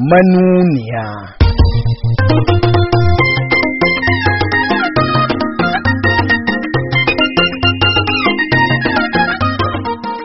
manuniya.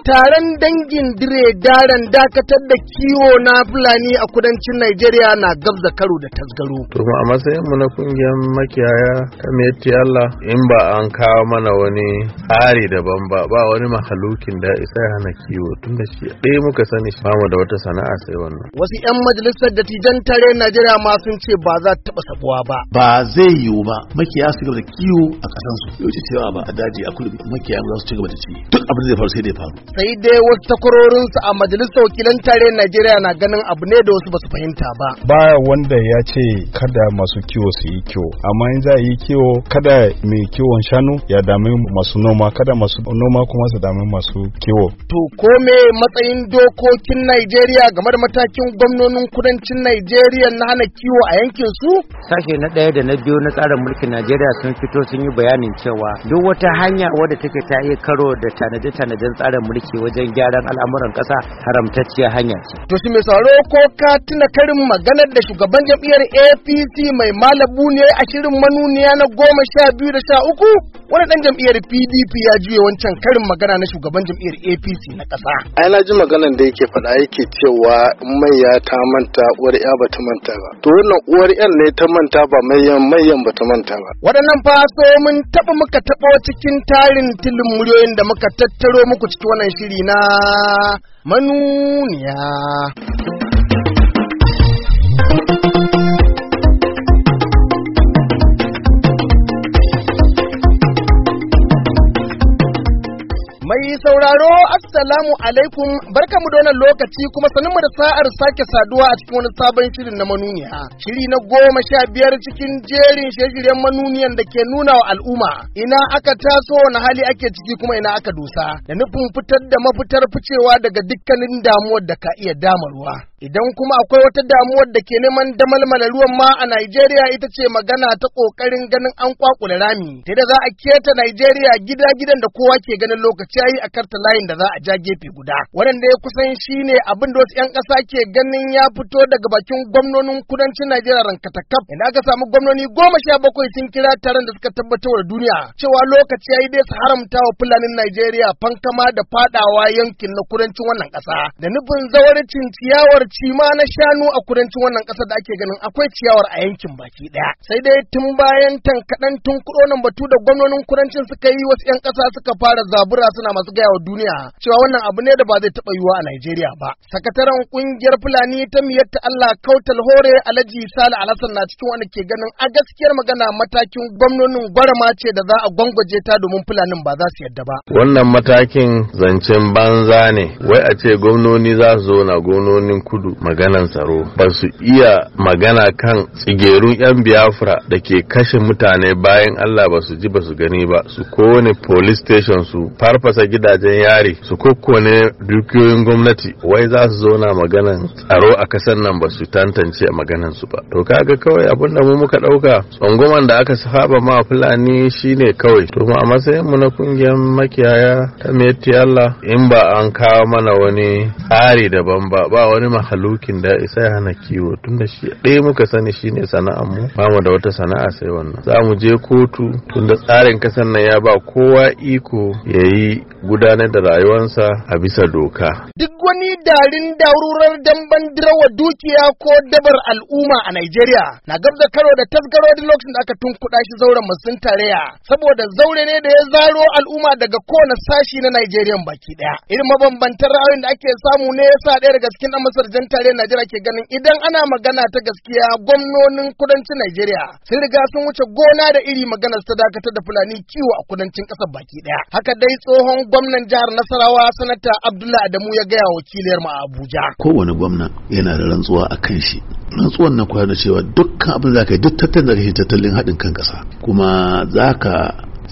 taron dangin dire daren dakatar da kiwo na fulani a kudancin Najeriya na gabza karo da tasgaro. To a matsayin mu na kungiyar makiyaya ta Meti Allah in ba an kawo mana wani tsari daban ba ba wani mahalukin da isa ya hana kiwo tun da shi ɗaya muka sani shi da wata sana'a sai wannan. Wasu 'yan majalisar da tijan tare Najeriya ma sun ce ba za ta taɓa sabuwa ba. Ba zai yiwu ba makiyaya su gaba da kiwo a ƙasansu. Yau ce cewa ba a daji a kudu makiyaya za su ci gaba da ci duk abin da zai faru sai da ya faru. sai dai wasu takwarorinsu a majalisar wakilan tare Najeriya na ganin abu ne da wasu basu fahimta ba. Ba wanda ya ce kada masu kiwo su yi kiwo, amma in za a yi kiwo kada mai kiwon shanu ya dami masu noma, kada masu noma kuma su dami masu kiwo. To ko matsayin dokokin Najeriya game da matakin gwamnonin kudancin Najeriya na hana kiwo a yankin su? Sashe na ɗaya da na biyu na tsarin mulkin Najeriya sun fito sun yi bayanin cewa duk wata hanya wadda take ta iya karo da tanaje-tanajen tsarin mulki ce wajen gyaran al'amuran ƙasa haramtacciyar hanya ce. To shi mai sauraro ko ka tuna karin maganar da shugaban jam'iyyar APC mai malabu ne a shirin manuniya na goma sha biyu da sha uku? Wani ɗan jam'iyyar PDP ya juya wancan karin magana na shugaban jam'iyyar APC na ƙasa. Ai na ji maganar da yake faɗa yake cewa mai ya ta manta uwar ya ba ta manta ba. To wannan uwar yan ne ta manta ba mayan mayan ba ta manta ba. Waɗannan faso mun taɓa muka taɓa cikin tarin tilin muryoyin da muka tattaro muku cikin wannan shiri na manuniya. mai sauraro assalamu alaikum barka mu da wannan lokaci kuma sanin mu da sa'ar sake saduwa a cikin wani sabon shirin na manuniya shiri na goma sha biyar cikin jerin shirye-shiryen manuniyan da ke nuna wa al'umma ina aka taso wani hali ake ciki kuma ina aka dusa da nufin fitar da mafitar ficewa daga dukkanin damuwar da ka iya damarwa Idan kuma akwai wata damuwar da ke neman damalmala ruwan ma a Najeriya ita ce magana ta kokarin ganin an kwakula rami, ta da za a keta Najeriya gida-gidan da kowa ke ganin lokaci yayi a karta layin da za a ja gefe guda. Wannan da ya kusan shi ne abin da wasu 'yan ƙasa ke ganin ya fito daga bakin gwamnonin kudancin Najeriya rankatakaf. Ina aka samu gwamnoni goma sha bakwai sun kira taron da suka tabbatar wa duniya cewa lokaci yayi dai su haramta wa Fulanin Najeriya fankama da fadawa yankin na kudancin wannan ƙasa. Da nufin zawarcin ciyawar lokaci ma na shanu a kudancin wannan ƙasa da ake ganin akwai ciyawar a yankin baki ɗaya. Sai dai tun bayan tankaɗan tun kuɗo nan batu da gwamnonin kudancin suka yi wasu 'yan ƙasa suka fara zabura suna masu gaya wa duniya cewa wannan abu ne da ba zai taɓa yiwuwa a Najeriya ba. Sakataren ƙungiyar Fulani ta miyatta Allah Kautal Hore Alhaji Sale Alhassan na cikin wani ke ganin a gaskiyar magana matakin gwamnonin gwarama ce da za a gwangwaje ta domin Fulanin ba za su yadda ba. Wannan matakin zancen banza ne wai a ce gwamnoni za su zo na gwamnonin kudu maganan tsaro ba su iya magana kan tsigerun 'yan biafra da ke kashe mutane bayan allah ba su ji ba su gani ba su kowane police station su farfasa gidajen yari su kokkone dukiyoyin gwamnati wai za su zauna maganan tsaro a kasan nan ba su tantance maganan su ba to kaga kawai abin da mu muka dauka tsangwaman da aka saba ma fulani shine kawai to a matsayin mu na kungiyar makiyaya ta metiyalla in ba an kawo mana wani tsari daban ba ba wani mahalukin da isa ya hana kiwo tunda shi ɗaya muka sani shine sana'ar mu ba mu da wata sana'a sai wannan za mu je kotu tunda tsarin kasar nan ya ba kowa iko ya yi gudanar da rayuwarsa a bisa doka duk wani darin darurar damban dirawa dukiya ko dabar al'umma a Najeriya na gab karo da tasgaro da lokacin da aka tunkuɗa shi zauren sun tarayya saboda zaure ne da ya zaro al'umma daga kowane sashi na Najeriya baki ɗaya irin mabambantan ra'ayoyin da ake samu ne sa ɗaya daga cikin ɗan Masar wajen tare Najeriya ke ganin idan ana magana ta gaskiya gwamnonin kudancin Najeriya sun riga sun wuce gona da iri maganar ta dakatar da Fulani kiwo a kudancin ƙasar baki ɗaya. Haka dai tsohon gwamnan jihar Nasarawa sanata Abdullahi Adamu ya gaya wakiliyar mu Abuja. Kowane gwamna yana da rantsuwa a kan shi. Rantsuwan na kwana cewa dukkan abin za ka duk tattalin da ka tattalin haɗin kan ƙasa kuma za ka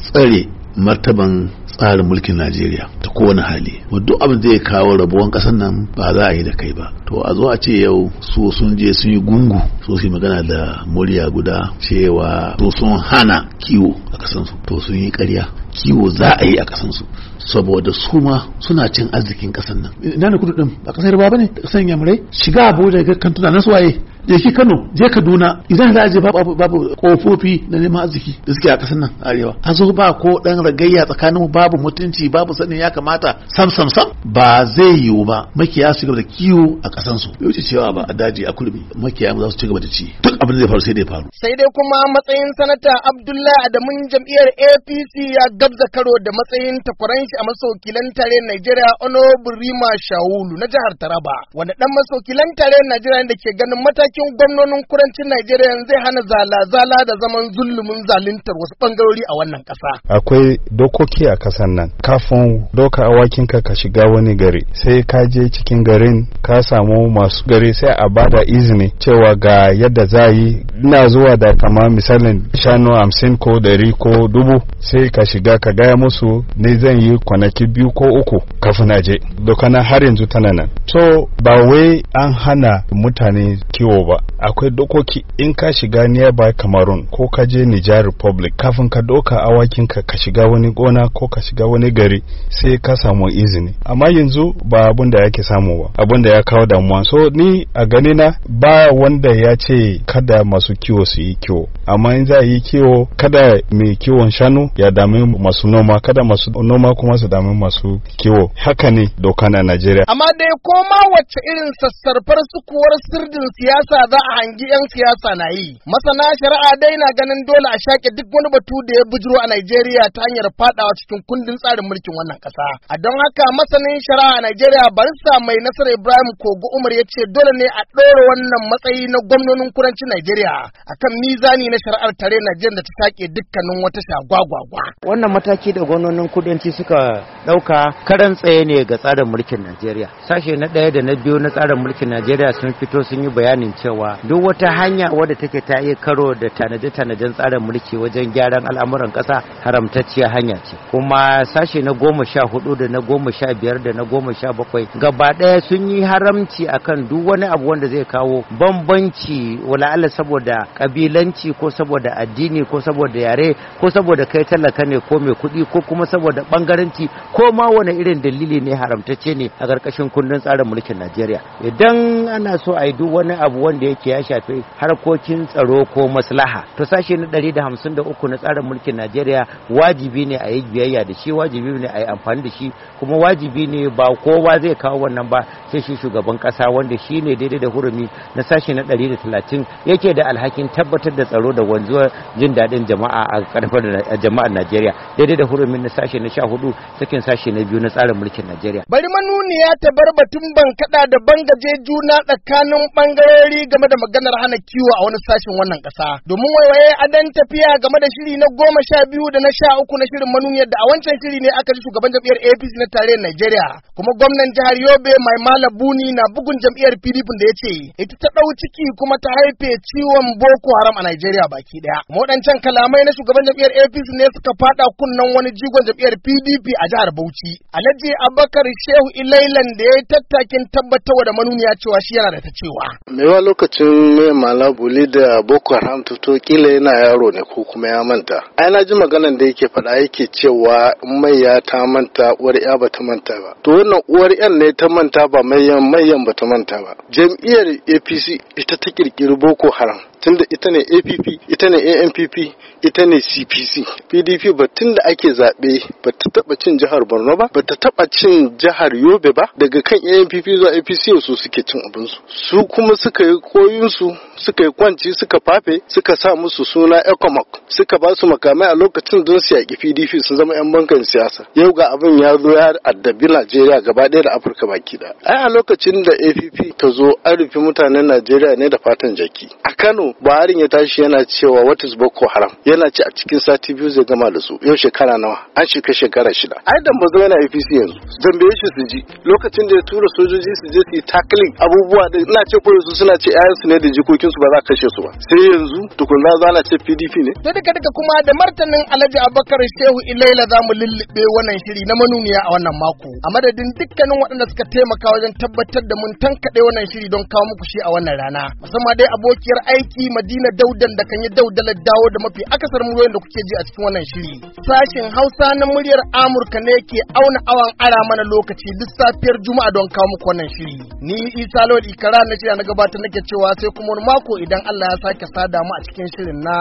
tsare martaban tsarin mulkin Najeriya ta kowane hali duk abin zai kawo rabuwan kasar nan ba za a yi da kai ba to a zo a ce yau su sun je sun yi gungu su su magana da murya guda cewa su sun hana kiwo a kasan su to sun yi ƙarya kiwo za a yi a kasan su saboda su ma suna cin arzikin kasan nan ina ne kudu din a ƙasar ba bane da yamurai shiga abuja ga kantuna na suwaye ya ke Kano je Kaduna idan za a babu kofofi na neman arziki da suke a kasar nan arewa a zo ba ko dan ragayya tsakanin babu mutunci babu sanin ya kamata sam sam sam ba zai yiwu ba makiya su gaba da kiwo a kasan su yau cewa ba a daji a kulmi makiya za su ci gaba da ci duk abin da zai faru sai dai faru sai dai kuma matsayin sanata Abdullahi Adamu jam'iyyar APC ya gabza karo da matsayin takwaran shi a masaukilan tare Najeriya Honorable Rima Shawulu na jihar Taraba wanda dan masaukilan tare Najeriya da ke ganin mataki cikin gwamnonin kurancin Najeriya zai hana zala-zala da zaman zulumin zaluntar wasu bangarori a wannan ƙasa. Akwai dokoki a ƙasar nan. Kafin doka awakin ka shiga wani gari sai ka je cikin garin ka samu masu gari sai a bada izini cewa ga yadda za yi ina zuwa da kama misalin shanu hamsin ko dari ko dubu sai ka shiga ka gaya musu ne zan yi kwanaki biyu ko uku kafin na Doka na har yanzu tana nan. To ba wai an hana mutane kiwo ba akwai dokoki in ka shiga nearby cameroon ko ka je niger republic kafin ka doka awakin ka ka shiga wani gona ko ka shiga wani gari sai ka samu izini amma yanzu ba abun da yake samu ba abun da ya kawo damuwa so ni a gani na ba wanda ya ce kada masu kiwo su yi kiwo amma in za yi kiwo kada mai kiwon shanu ya dami masu noma kada masu noma kuma su dami masu kiwo haka ne doka na najeriya amma dai koma wacce irin sassarfar sukuwar sirdin siyasa yasa za a hangi 'yan siyasa na yi. Masana shari'a dai na ganin dole a shaƙe duk wani batu da ya bujiro a Najeriya ta hanyar faɗawa cikin kundin tsarin mulkin wannan ƙasa. A don haka masanin shari'a a Najeriya sa mai nasara Ibrahim Kogo Umar ya ce dole ne a ɗora wannan matsayi na gwamnonin kudancin Najeriya a kan mizani na shari'ar tare Najeriya da ta sake dukkanin wata shagwagwagwa. Wannan mataki da gwamnonin kudanci suka ɗauka karan tsaye ne ga tsarin mulkin Najeriya. Sashe na ɗaya da na biyu na tsarin mulkin Najeriya sun fito sun yi bayanin cewa duk wata hanya wadda take ta yi karo da tanaje-tanajen tsarin mulki wajen gyaran al'amuran ƙasa haramtacciya hanya ce kuma sashe na goma sha hudu da na goma sha biyar da na goma sha bakwai gaba ɗaya sun yi haramci akan duk wani abu wanda zai kawo bambanci wala'ala saboda kabilanci ko saboda addini ko saboda yare ko saboda kai talaka ne ko mai kuɗi ko kuma saboda ɓangaranci ko ma wani irin dalili ne haramtacce ne a ƙarƙashin kundin tsarin mulkin najeriya idan ana so a yi duk wani abu wanda yake ya shafi harkokin tsaro ko maslaha to sashe na 153 na tsarin mulkin Najeriya wajibi ne a yi biyayya da shi wajibi ne a yi amfani da shi kuma wajibi ne ba kowa zai kawo wannan ba sai shi shugaban kasa wanda shi ne daidai da hurumi na sashe na 130 yake da alhakin tabbatar da tsaro da wanzuwar jin daɗin jama'a a karfar jama'ar Najeriya daidai da hurumin na sashe na 14 sakin sashe na biyu na tsarin mulkin Najeriya bari manuniya ta bar batun ban da bangaje juna tsakanin bangarori shiri game da maganar hana kiwo a wani sashen wannan ƙasa. Domin waiwaye adan tafiya game da shiri na goma sha biyu da na sha uku na shirin manuniyar da a wancan shiri ne aka ji shugaban jam'iyyar APC na tarayyar Najeriya. Kuma gwamnan jihar Yobe mai mala buni na bugun jam'iyyar PDP da ya ce ita ta ɗau ciki kuma ta haife ciwon Boko Haram a Najeriya baki ɗaya. Waɗancan kalamai na shugaban jam'iyyar APC ne suka faɗa kunnen wani jigon jam'iyyar PDP a jihar Bauchi. Alhaji Abubakar Shehu Ilailan da ya yi tattakin tabbatarwa da manuniya cewa shi yana da ta cewa. lokacin mai malabuli da Boko Haram to kila yana yaro ne ko kuma ya manta. Ai na ji maganan da yake faɗa yake cewa mai ya ta manta uwar ya ta manta ba. To wannan uwar yan ne ta manta ba mayan ba ta manta ba. Jam'iyyar APC ita ta kirkiri Boko Haram. tunda ita ne APP ita ne ANPP ita ne CPC PDP ba tunda ake zaɓe ba ta taɓa cin jihar Borno ba ba ta taɓa cin jihar Yobe ba daga kan ANPP zuwa APC su suke cin abinsu su kuma suka yi koyinsu suka yi kwanci suka fafe suka sa musu suna Ecomoc suka ba su makamai a lokacin don su yaƙi PDP su zama 'yan bankan siyasa yau ga abin ya zo ya addabi Najeriya gaba ɗaya da Afirka baki ɗaya ai a lokacin da APP ta zo an rufe mutanen Najeriya ne da fatan jaki a Kano buharin ya tashi yana cewa what is Boko Haram yana ce a cikin sati biyu zai gama da su yau shekara nawa an kashe shekara shida ai dan bazo yana APC yanzu zambe shi su ji lokacin da ya tura sojoji su je su tackling abubuwa da ina ce ko su suna ce ayan su ne da jikokin su ba za kashe su ba sai yanzu tukun za na ce PDP ne to daga duka kuma da martanin Alhaji Abubakar Shehu Ilaila za mu lullube wannan shiri na manuniya a wannan mako a madadin dukkanin waɗanda suka taimaka wajen tabbatar da mun tankaɗe wannan shiri don kawo muku shi a wannan rana musamman dai abokiyar aiki bi Madina Daudan da kan yi daudalar dawo da mafi akasar muryoyin da kuke ji a cikin wannan shiri. Sashen Hausa na muryar Amurka ne ke auna awan ara mana lokaci duk safiyar Juma'a don kawo muku wannan shiri. Ni Isa Lawal Ikara na shirya na gabatar nake cewa sai kuma wani mako idan Allah ya sake sada mu a cikin shirin na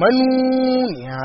manuniya.